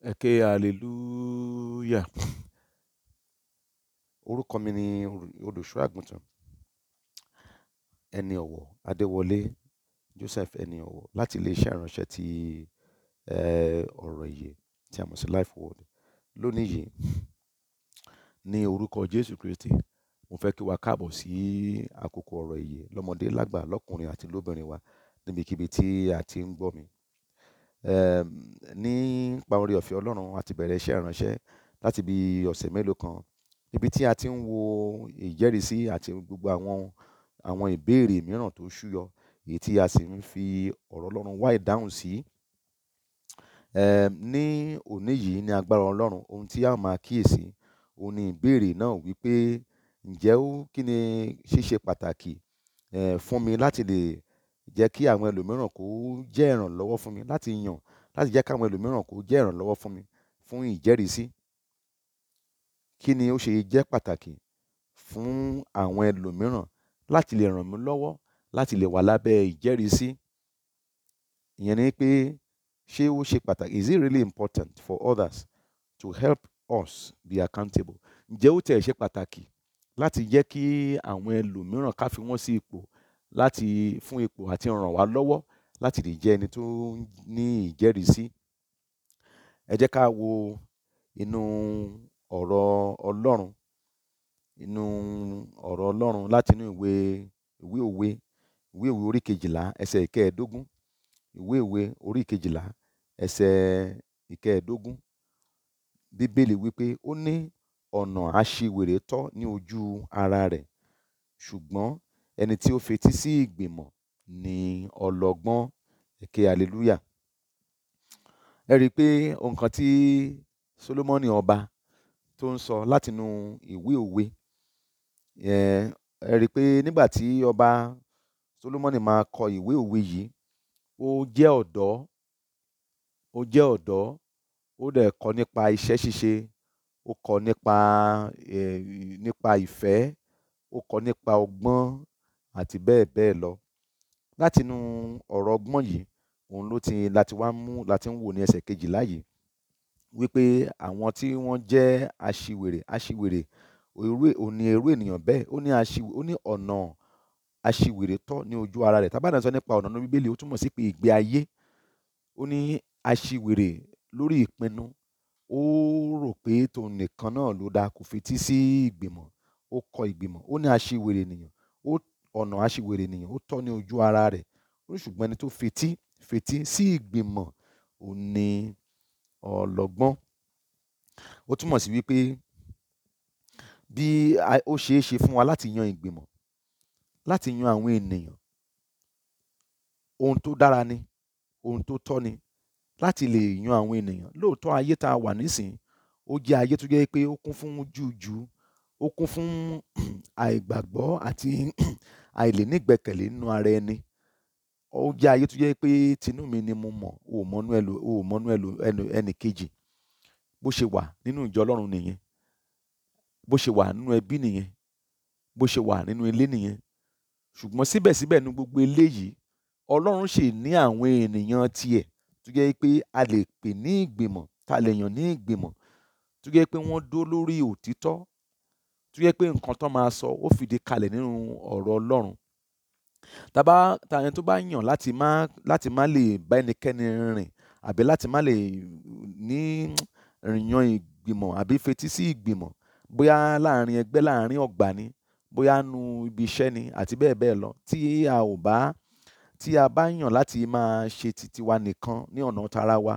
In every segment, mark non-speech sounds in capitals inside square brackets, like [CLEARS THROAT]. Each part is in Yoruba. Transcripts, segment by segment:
Ẹ ké hallelujah. Orúkọ mi ni Olùṣọ́ àgùntàn, ẹni ọ̀wọ̀ Adéwọlé Joseph ẹni ọ̀wọ̀ láti ilé iṣẹ́ ìránṣẹ́ ti eh, ọ̀rọ̀ ìyè tí a mọ̀ sí Life Word. Lónìí yìí, ní orúkọ Jésù Kristi, mo fẹ́ kí wa káàbọ̀ sí àkókò ọ̀rọ̀ ìyè lọ́mọdé lágbà lọ́kùnrin àti lóbìnrin wa níbikíbi tí a ti ń gbọ́ mi. Ehn, nípa oore-ọ̀fẹ́ Ọlọ́run a ti bẹ̀rẹ̀ iṣẹ́ ìránṣẹ́ láti bí ọ̀sẹ̀ mélòó kan níbi tí a ti ń wo ìjẹ́rìísí àti gbogbo àwọn, àwọn ìbéèrè mìíràn tó ṣúyọ èyí tí a sì ń fi ọ̀rọ̀ Ọlọ́run wá ìdáhùn sí. Ehn, ní òní yìí ni agbára Ọlọ́run ohun tí a máa kíyèsi, òun ni ìbéèrè náà wípé ǹjẹ́ ó kí ni ṣíṣe pàtàkì, eh, fún mi láti lè jẹ́ kí àwọn ẹlòmíràn kó jẹ́ ìrànlọ́wọ́ fún mi láti yàn láti jẹ́ kí àwọn ẹlòmíràn kó jẹ́ ìrànlọ́wọ́ fún mi fún ìjẹ́rìísí. Kí ni ó ṣe jẹ́ pàtàkì fún àwọn ẹlòmíràn láti lè ràn mí lọ́wọ́ láti lè wà lábẹ́ ìjẹ́rìísí? Ìyẹn ni pé ṣé ó ṣe pàtàkì is it really important for others to help us be accountable? Ǹjẹ́ ó tiẹ̀ ṣe pàtàkì láti jẹ́ kí àwọn ẹlòmíràn ká fi wọ́n sí ipò láti fún ipò àti ràn wá lọ́wọ́ láti lè jẹ́ ẹni tó ní ìjẹ́rìísí. Ẹ jẹ́ ká wo inú ọ̀rọ̀ Ọlọ́run inú ọ̀rọ̀ Ọlọ́run láti inú ìwé ìwé òwe ìwé òwe orí kejìlá ẹsẹ̀ ìkẹẹ̀ẹ́dógún ìwé òwe orí kejìlá ẹsẹ̀ ìkẹẹ̀ẹ́dógún Bíbélì wípé ó ní ọ̀nà aṣiwèrè tọ́ ní ojú ara rẹ̀ ṣùgbọ́n ẹni tí ó fetí sí ìgbìmọ̀ ni ọlọ́gbọ́n. Eke hallelujah. Ẹ rí i pé ohun kan tí Solomoni ọba tó ń sọ látinú ìwé òwe. Ẹ rí i pé nígbà tí ọba Solomoni máa kọ ìwé òwe yìí, ó jẹ́ ọ̀dọ́, ó jẹ́ ọ̀dọ́, ó dẹ̀ kọ nípa iṣẹ́ ṣíṣe, ó kọ nípa, nípa ìfẹ́, ó kọ nípa ọgbọ́n àti bẹ́ẹ̀ bẹ́ẹ̀ lọ. Látinú ọ̀rọ̀ ọgbọ́n yìí, òun ló ti láti wá mú láti ń wò ní ẹsẹ̀ kejìlá yìí wípé àwọn tí wọ́n jẹ́ aṣiwèrè, aṣiwèrè òun ni irú ènìyàn bẹ́ẹ̀. Ó ní aṣiwèrè, ó ní ọ̀nà aṣiwèrè tọ́ ní ojú ara rẹ̀. Tá bá dẹ̀ ń sọ nípa ọ̀nà nínú bíbélì, ó túmọ̀ sí pé ìgbé ayé. Ó ní aṣiwèrè lórí ìpinnu. Ó rò pé tòun nìkan náà ló da, kò fetí sí ìgbìmọ̀. Ó kọ ìgbìmọ̀. Ó ní aṣiwèrè ènìyàn. Ó ọ̀nà aṣiwèrè nìyẹn ó tọ́ ní ojú ara rẹ̀ ó ní ṣùgbọ́n ẹni tó fetí fetí sí ìgbìmọ̀ ò ní ọlọ́gbọ́n ó túmọ̀ sí wípé bí ó ṣeé ṣe fún wa láti yan ìgbìmọ̀ láti yan àwọn ènìyàn ohun tó dára ni ohun tó tọ́ ni láti lè yan àwọn ènìyàn lóòótọ́ ayé tá a wà nísìnyí ó jẹ́ ayé tó jẹ́ pé ó kún fún jújú ó kún fún [CLEARS THROAT] àìgbàgbọ́ àti [CLEARS THROAT] àìlénígbẹ́kẹ̀lé nínú ara ẹni ó jẹ́ ayé tó jẹ́ pé tinú mi ni mo mọ̀ o ò mọ̀nú ẹlò o ò mọ̀nú ẹlò ẹnì kejì bó ṣe wà nínú ìjọ ọlọ́run nìyẹn bó ṣe wà nínú ẹbí nìyẹn bó ṣe wà nínú ilé nìyẹn ṣùgbọ́n síbẹ̀síbẹ̀ ní gbogbo eléyìí ọlọ́run ṣì ní àwọn ènìyàn tiẹ̀ tó jẹ́ pé a lè pè ní ìgbìmọ̀ ta lè yàn ní ìgbìmọ̀ tó jẹ́ pé wọ́n dó lórí òtítọ́ tó yẹ pé nǹkan tó máa sọ ó fìdí kalẹ̀ nínú ọ̀rọ̀ Ọlọ́run tàbá tàyẹn tó bá yàn láti má láti má lè bá ẹnikẹ́ni rìn àbí láti má lè ní rìnyàn ìgbìmọ̀ àbí fetí sí ìgbìmọ̀ bóyá láàrin ẹgbẹ́ láàrin ọ̀gbà ni bóyá nu ibi iṣẹ́ ni àti bẹ́ẹ̀ bẹ́ẹ̀ lọ tí a ò bá tí a bá yàn láti máa ṣe titi wa nìkan ní ọ̀nà tara wa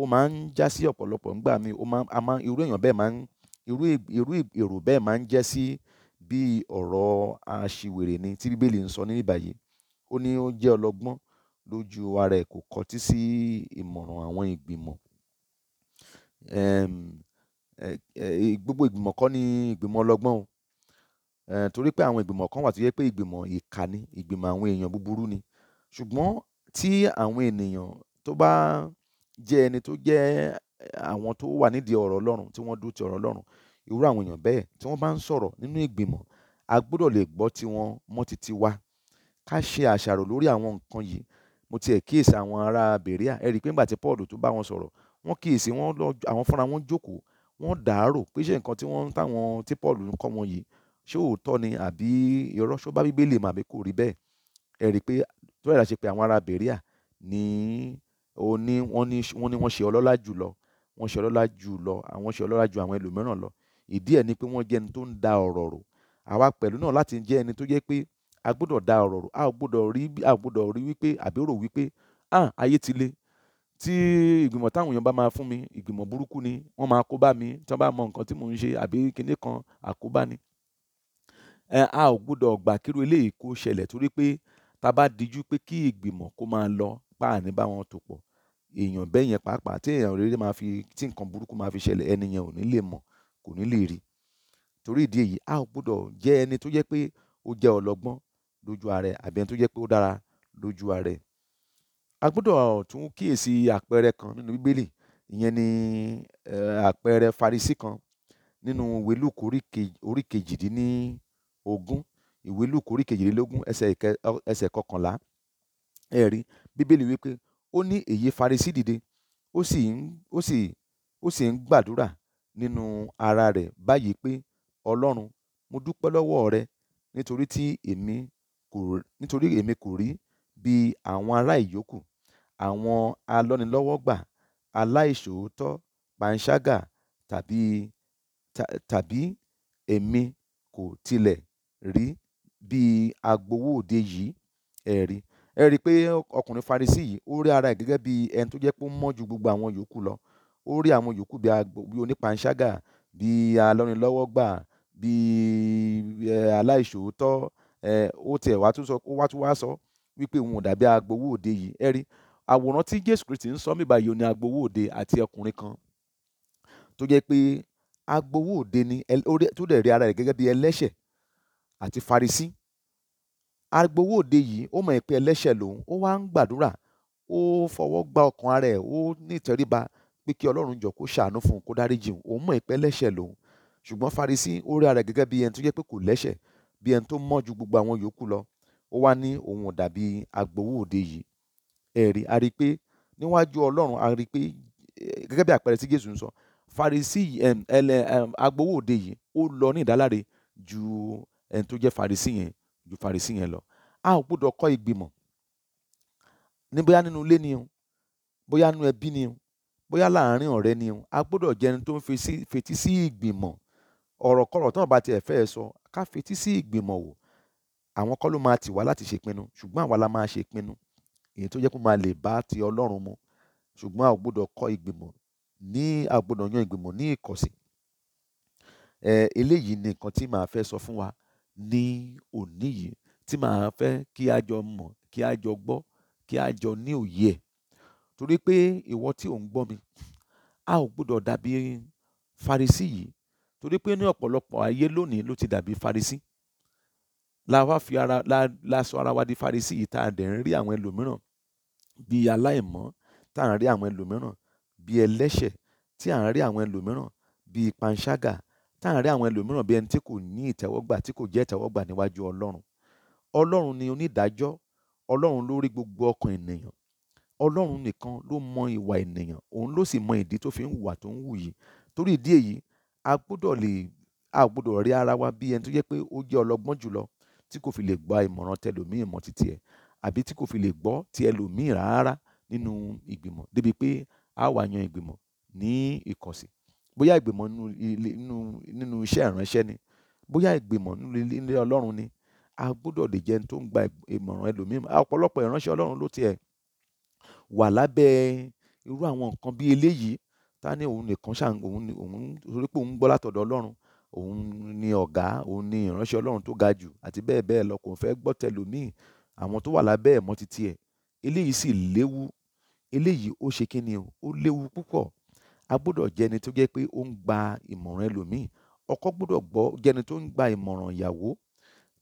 ó máa ń já sí ọ̀pọ̀lọpọ̀ ńgbà mi ó máa irú èèyàn bẹ́ẹ̀ máa ń irú irú èrò bẹ́ẹ̀ máa ń jẹ́ sí bí ọ̀rọ̀ aṣiwèrè ni tí bíbélì ń sọ ní ìbàyí. Ó ní ó jẹ́ ọlọ́gbọ́n lójú ara ẹ̀ kò kọtí sí ìmọ̀ràn àwọn ìgbìmọ̀. Gbogbo ìgbìmọ̀ kọ́ ni ìgbìmọ̀ ọlọ́gbọ́n o. Ehn, torí pé àwọn ìgbìmọ̀ kan wà tó jẹ́ pé ìgbìmọ̀ ìkà ni, ìgbìmọ̀ àwọn èèyàn búburú ni. Ṣùgbọ́n tí àwọn ènìyàn tó bá jẹ́ ẹni tó jẹ́ àwọn tó wà nídìí ọ̀rọ̀ ọlọ́run tí wọ́n dúró ti ọ̀rọ̀ ọlọ́run irú àwọn èèyàn bẹ́ẹ̀ tí wọ́n bá ń sọ̀rọ̀ nínú ìgbìmọ̀ a gbọ́dọ̀ lè gbọ́ tiwọn mọ́ titi wa ká ṣe àṣàrò lórí àwọn nǹkan yìí mo tiẹ̀ kíyèsí àwọn ará bèríà ẹ rí i pé nígbà tí Paul tó bá wọn sọ̀rọ̀ wọ́n kíyèsí wọ́n lọ àwọn fúnra wọn jókòó wọ́n dàárò pé ṣé nǹkan tí wọ́n táwọn tí Paul ń kọ́ wọn yìí ṣé òótọ́ ni àbí irọ́ ṣó bá bíbélì mà bí kò rí bẹ́ẹ̀ ẹ pé tó yàrá ṣe pé àwọn ará bèríà ní wọ́n ní wọ́n ṣe ọlọ́lá jùlọ wọ́n ṣe ọlọ́lá jù lọ àwọn ṣe ọlọ́lá jù àwọn ẹlòmíràn lọ ìdí ẹ̀ ni pé wọ́n jẹ́ ẹni tó ń da ọ̀rọ̀ rò àwa pẹ̀lú náà láti jẹ́ ẹni tó jẹ́ pé a gbọ́dọ̀ da ọ̀rọ̀ rò a gbọ́dọ̀ rí a gbọ́dọ̀ rí wípé àbí wípé ah ayé ti le tí ìgbìmọ̀ táwọn èèyàn bá máa fún mi ìgbìmọ̀ burúkú ni wọ́n máa kó bá mi tí wọ́n bá mọ nǹkan tí mò ń ṣe àbí kinní kan àkóbá ni a ò gbọ́dọ̀ gbà kírú eléyìí kó ṣẹlẹ̀ torí pé ta bá dijú pé kí ìgbìmọ̀ kó máa lọ páàní bá wọn tò pọ̀ èèyàn bẹ́ẹ̀ yẹn pàápàá tí èèyàn rere máa fi tí nǹkan burúkú máa fi ṣẹlẹ̀ ẹni yẹn ò ní lè mọ̀ kò ní lè rí torí ìdí èyí a ò gbọ́dọ̀ jẹ́ ẹni tó jẹ́ pé ó jẹ́ ọlọ́gbọ́n lójú ara ẹ̀ àbí ẹni tó jẹ́ pé ó dára lójú ara ẹ̀ a gbọ́dọ̀ tún kíyèsí àpẹẹrẹ kan nínú bíbélì ìyẹn ni àpẹẹrẹ farisí kan nínú ìwé lúùkù orí kejìdínlógún ẹsẹ̀ kọkànlá ẹ̀rí bíbélì wípé ó ní èyí farasin dìde ó sì ń ó sì ó sì ń gbàdúrà nínú ara rẹ̀ báyìí pé ọlọ́run mo dúpẹ́ lọ́wọ́ rẹ nítorí tí èmi kò nítorí èmi kò rí bí àwọn ará ìyókù àwọn alọ́nilọ́wọ́gbà aláìṣòótọ́ panṣágà tàbí tàbí èmi kò tilẹ̀ rí bí agbowó òde yìí ẹ̀rí ẹ rí i pé ọkùnrin Farisí yìí ó rí ara ẹ̀ gẹ́gẹ́ bí ẹni tó jẹ́ pé ó mọ́ ju gbogbo àwọn yòókù lọ ó rí àwọn yòókù bí onípanṣágà bí alọ́nilọ́wọ́ gbà bí aláìṣòótọ́ ó tiẹ̀ wá tún sọ ó wá tún wá sọ wípé òun ò dàbí agbowó òde yìí ẹ rí àwòrán tí Jésù Kristi ń sọ mí báyìí ó ní agbowó òde àti ọkùnrin kan tó jẹ́ pé agbowó òde ni tó dẹ̀ rí ara rẹ̀ gẹ́gẹ́ bí ẹlẹ́ṣẹ̀ àti Farisí agbowóòde yìí ó mọ̀ pé ẹlẹ́ṣẹ̀ lòun ó wá ń gbàdúrà ó fọwọ́ gba ọkàn ara ẹ̀ ó ní ìtẹríba pé kí ọlọ́run jọ kó ṣàánú fún un kó dáríjì òun òun mọ̀ pé ẹlẹ́ṣẹ̀ lòun ṣùgbọ́n Farisí ó rí ara gẹ́gẹ́ bí ẹni tó jẹ́ pé kò lẹ́ṣẹ̀ bí ẹni tó mọ́ ju gbogbo àwọn yòókù lọ ó wá ní òun ò dàbí agbowóòde yìí ẹ̀rí a rí i pé níwájú ọlọ́run a rí i pé eh, gẹ́gẹ́ bí àpẹẹrẹ tí Jésù ń sọ Farisí agbowóòde yìí ó lọ ní ìdáláre ju ẹni tó jẹ́ Farisí yẹn ju Farisí yẹn lọ a ò gbọ́dọ̀ kọ́ ìgbìmọ̀ ní bóyá nínú ilé ni o bóyá nínú ẹbí ni o bóyá láàárín ọ̀rẹ́ ni o a gbọ́dọ̀ jẹ́ ẹni tó ń fetí sí ìgbìmọ̀ ọ̀rọ̀kọ̀rọ̀ tí wọ́n bá tiẹ̀ fẹ́ sọ ká fetí sí ìgbìmọ̀ wò àwọn kọ́ ló máa tì wá láti ṣèpinnu ṣùgbọ́n àwa la máa ṣèpinnu èyí tó jẹ́ kó máa lè bá ti Ọlọ́run mu ṣùgbọ́n a ò gbọ́dọ̀ kọ́ ìgbìmọ̀ ní a yan ìgbìmọ̀ ní ìkọ̀sìn eléyìí ni nǹkan tí màá fẹ́ sọ fún wa ní òní yìí tí màá fẹ́ kí a jọ mọ̀ kí a jọ gbọ́ kí a jọ ní òye ẹ̀ torí pé ìwọ tí ò ń gbọ́ mi a ò gbọ́dọ̀ dàbí Farisí yìí torí pé ní ọ̀pọ̀lọpọ̀ ayé lónìí ló ti dàbí Farisí la wá fi ara la la sọ ara wa di Farisí yìí tá a dẹ̀ ń rí àwọn ẹlòmíràn bí aláìmọ́ tá à ń rí àwọn ẹlòmíràn bí ẹlẹ́ṣẹ̀ tí à ń rí àwọn ẹlòmíràn bí panṣágà tá à ń rí àwọn ẹlòmíràn bíi ẹni tí kò ní ìtẹ́wọ́gbà tí kò jẹ́ ìtẹ́wọ́gbà níwájú ọlọ́run ọlọ́run ni onídàájọ́ ọlọ́run ló rí gbogbo ọkàn ènìyàn ọlọ́run nìkan ló mọ ìwà ènìyàn òun ló sì mọ ìdí tó fi ń hùwà tó ń hù yìí torí ìdí èyí a gbọ́dọ̀ lè a gbọ́dọ̀ rí ara wa bí ẹni tó jẹ́ pé ó jẹ́ ọlọ́gbọ́n jùlọ tí kò fi lè gba ìmọ̀ràn tẹlòmíì mọ́ títí ẹ̀ àbí tí kò fi lè gbọ́ a wà yan ìgbìmọ̀ ní bóyá ìgbìmọ̀ nínú iṣẹ́ ìránṣẹ́ ni, bóyá ìgbìmọ̀ nínú ilé Ọlọ́run ni, a gbọdọ̀ lè jẹ́ ẹni tó ń gba ìmọ̀ràn ẹlòmíràn. Ọ̀pọ̀lọpọ̀ ìránṣẹ́ Ọlọ́run ló ti ẹ wà lábẹ́ irú àwọn nǹkan bí eléyìí. Tá ní òun nìkan ṣá, òun ni òun torí pé òun gbọ́ látọ̀dọ̀ Ọlọ́run, òun ni ọ̀gá, òun ni ìránṣẹ́ Ọlọ́run tó ga jù àti bẹ́ẹ̀ bẹ́ẹ̀ lọ. Kò fẹ́ gbọ́ tẹlòmíì, àwọn tó wà lábẹ́ ẹ̀ mọ́ titi Eléyìí sì léwu. Eléyìí ó ṣe kíni o, ó léwu púpọ̀ a gbọ́dọ̀ jẹ́ ẹni tó jẹ́ pé ó ń gba ìmọ̀ràn ẹlòmíì ọkọ gbọ́dọ̀ gbọ́ jẹ́ ẹni tó ń gba ìmọ̀ràn ìyàwó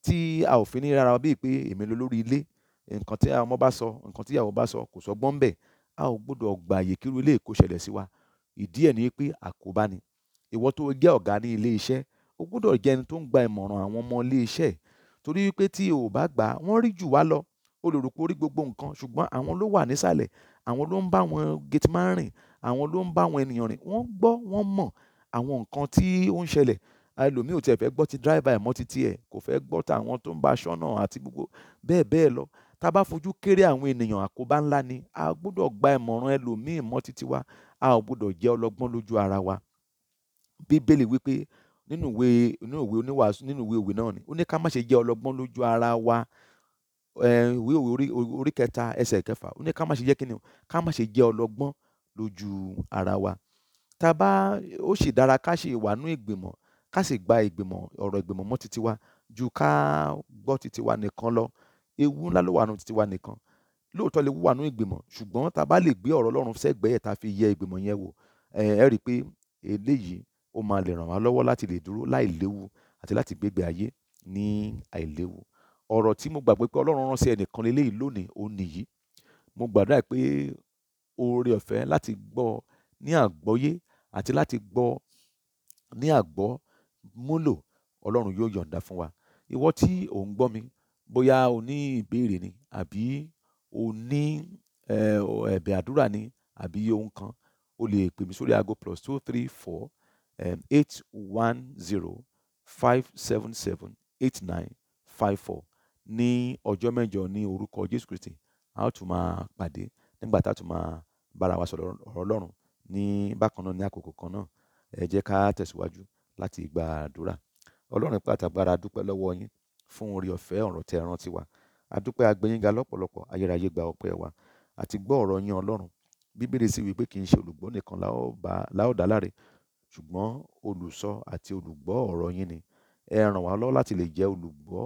tí a ò fi ní rárá bíi pé èmi ló lórí ilé nǹkan tí ọmọ bá sọ nǹkan tí ìyàwó bá sọ kò sọ gbọ́n bẹ́ẹ̀ a ò gbọ́dọ̀ gbà àyè kí irú ilé kó ṣẹlẹ̀ sí wa ìdí ẹ̀ ni pé àkóbá ni ìwọ tó jẹ́ ọ̀gá ní ilé iṣẹ́ o gbọ́dọ̀ jẹ́ ẹni tó ń gba ìmọ̀ràn àwọn ọmọ ilé iṣẹ́ torí pé tí o bá gbà wọ́n rí jù wá lọ olùrùkọ orí gbogbo nǹkan ṣùgbọ́n àwọn ló wà nísàlẹ̀ àwọn ló ń bá àwọn gateman rìn àwọn ló ń bá àwọn ènìyàn rìn wọ́n gbọ́ wọ́n mọ̀ àwọn nǹkan tí ó ń ṣẹlẹ̀ ẹlòmíì ò tiẹ̀ fẹ́ gbọ́ ti driver ẹ̀ mọ́ ti tiẹ̀ kò fẹ́ gbọ́ tàwọn tó ń bá aṣọ́nà àti gbogbo bẹ́ẹ̀ bẹ́ẹ̀ lọ tá a bá fojú kéré àwọn ènìyàn àkóbá ńlá ni a gbọ́dọ̀ gba ìmọ̀ràn ẹlòmíì mọ́ títí wa a ò gbọ́dọ̀ jẹ́ ọlọ́gbọ́n lójú ara wa bíbélì wípé nínú ìwé nínú ìwé oníwàásù nínú ìwé òwe náà ni ó ní ká má ṣe jẹ́ ọlọ́gbọ́n lójú ara wa um ìwé òwe orí orí kẹta ẹsẹ̀ kẹfà ó ní ká má ṣe jẹ́ kíni o ká má ṣe jẹ́ ọlọ́gbọ́n lójú ara wa tá a bá ó sì dára ká ṣe wà nú ìgbìmọ̀ ká sì gba ìgbìmọ̀ ọ̀rọ̀ ìgbìmọ̀ mọ́ titi wa ju ká gbọ́ titi wa nìkan lọ ewu ńlá ló wà nù titi wa nìkan lóòótọ́ lè wà nù ìgbìmọ̀ ṣùgbọ́n tá a bá lè gbé ọ̀rọ̀ Ọlọ́run sẹ́gbẹ̀ẹ́ tá fi yẹ ìgbìmọ̀ yẹn wò ẹ rí i pé eléyìí ó máa lè ràn wá lọ́wọ́ láti lè dúró láìléwu àti láti gbégbé ayé ní àìléwu ọ̀rọ̀ tí mo gbàgbé pé ọlọ́run rán sí ẹnìkan lélẹ́yìí lónìí òun nìyí mo gbàdúrà pé oore ọ̀fẹ́ láti gbọ́ ní àgbọ́yé àti láti gbọ́ ní àgbọ́ múlò ọlọ́run yóò yọ̀ǹda fún wa ìwọ tí ò ń gbọ́ mi bóyá o ní ìbéèrè ni àbí o ní ẹ̀bẹ̀ àdúrà ni àbí ohun kan o lè pè mí sórí aago plus two three four um, eight one zero five seven seven eight nine five four ní ọjọ́ mẹ́jọ ní orúkọ Jésù Kristi. A ó tún máa pàdé nígbà tá a tún máa bára wa sọ̀rọ̀ ọ̀rọ̀ Ọlọ́run ní bákan náà ní àkókò kan náà. Ẹ jẹ́ ká tẹ̀síwájú láti gba àdúrà. Ọlọ́run ipá àtàgbàrà lọ́wọ́ yín fún oore-ọ̀fẹ́ ọ̀rọ̀ tẹ rán wa. A dúpẹ́ a gbé yín ga lọ́pọ̀lọpọ̀ ayérayé gba ọpẹ́ wa àti gbọ́ ọ̀rọ̀ yín Ọlọ́run. Bíbélì sì wí pé kì í ṣe olùgbọ́ nìkan la ó dá ṣùgbọ́n olùsọ àti olùgbọ́ ọ̀rọ̀ yín ni. Ẹ ràn wá lọ́wọ́ láti lè jẹ́ olùgbọ́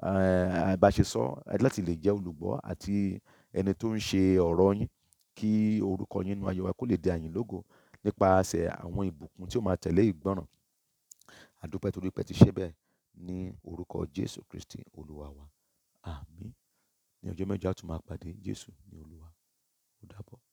àbáṣesọ eh, láti lè jẹ́ olùgbọ́ àti ẹni tó ń ṣe ọ̀rọ̀ yín kí orúkọ yín nínú ayé wa kó lè di àyìn lógo nípasẹ̀ àwọn ìbùkún tí ó máa tẹ̀lé ìgbọ́ràn. A dúpẹ́ torí pé ẹ ti ṣe bẹ́ẹ̀ ní orúkọ Jésù Kristi Olúwa wa. Àmín. Ní ọjọ́ mẹ́jọ a tún máa pàdé Jésù ní Olúwa. Ó dàbọ̀.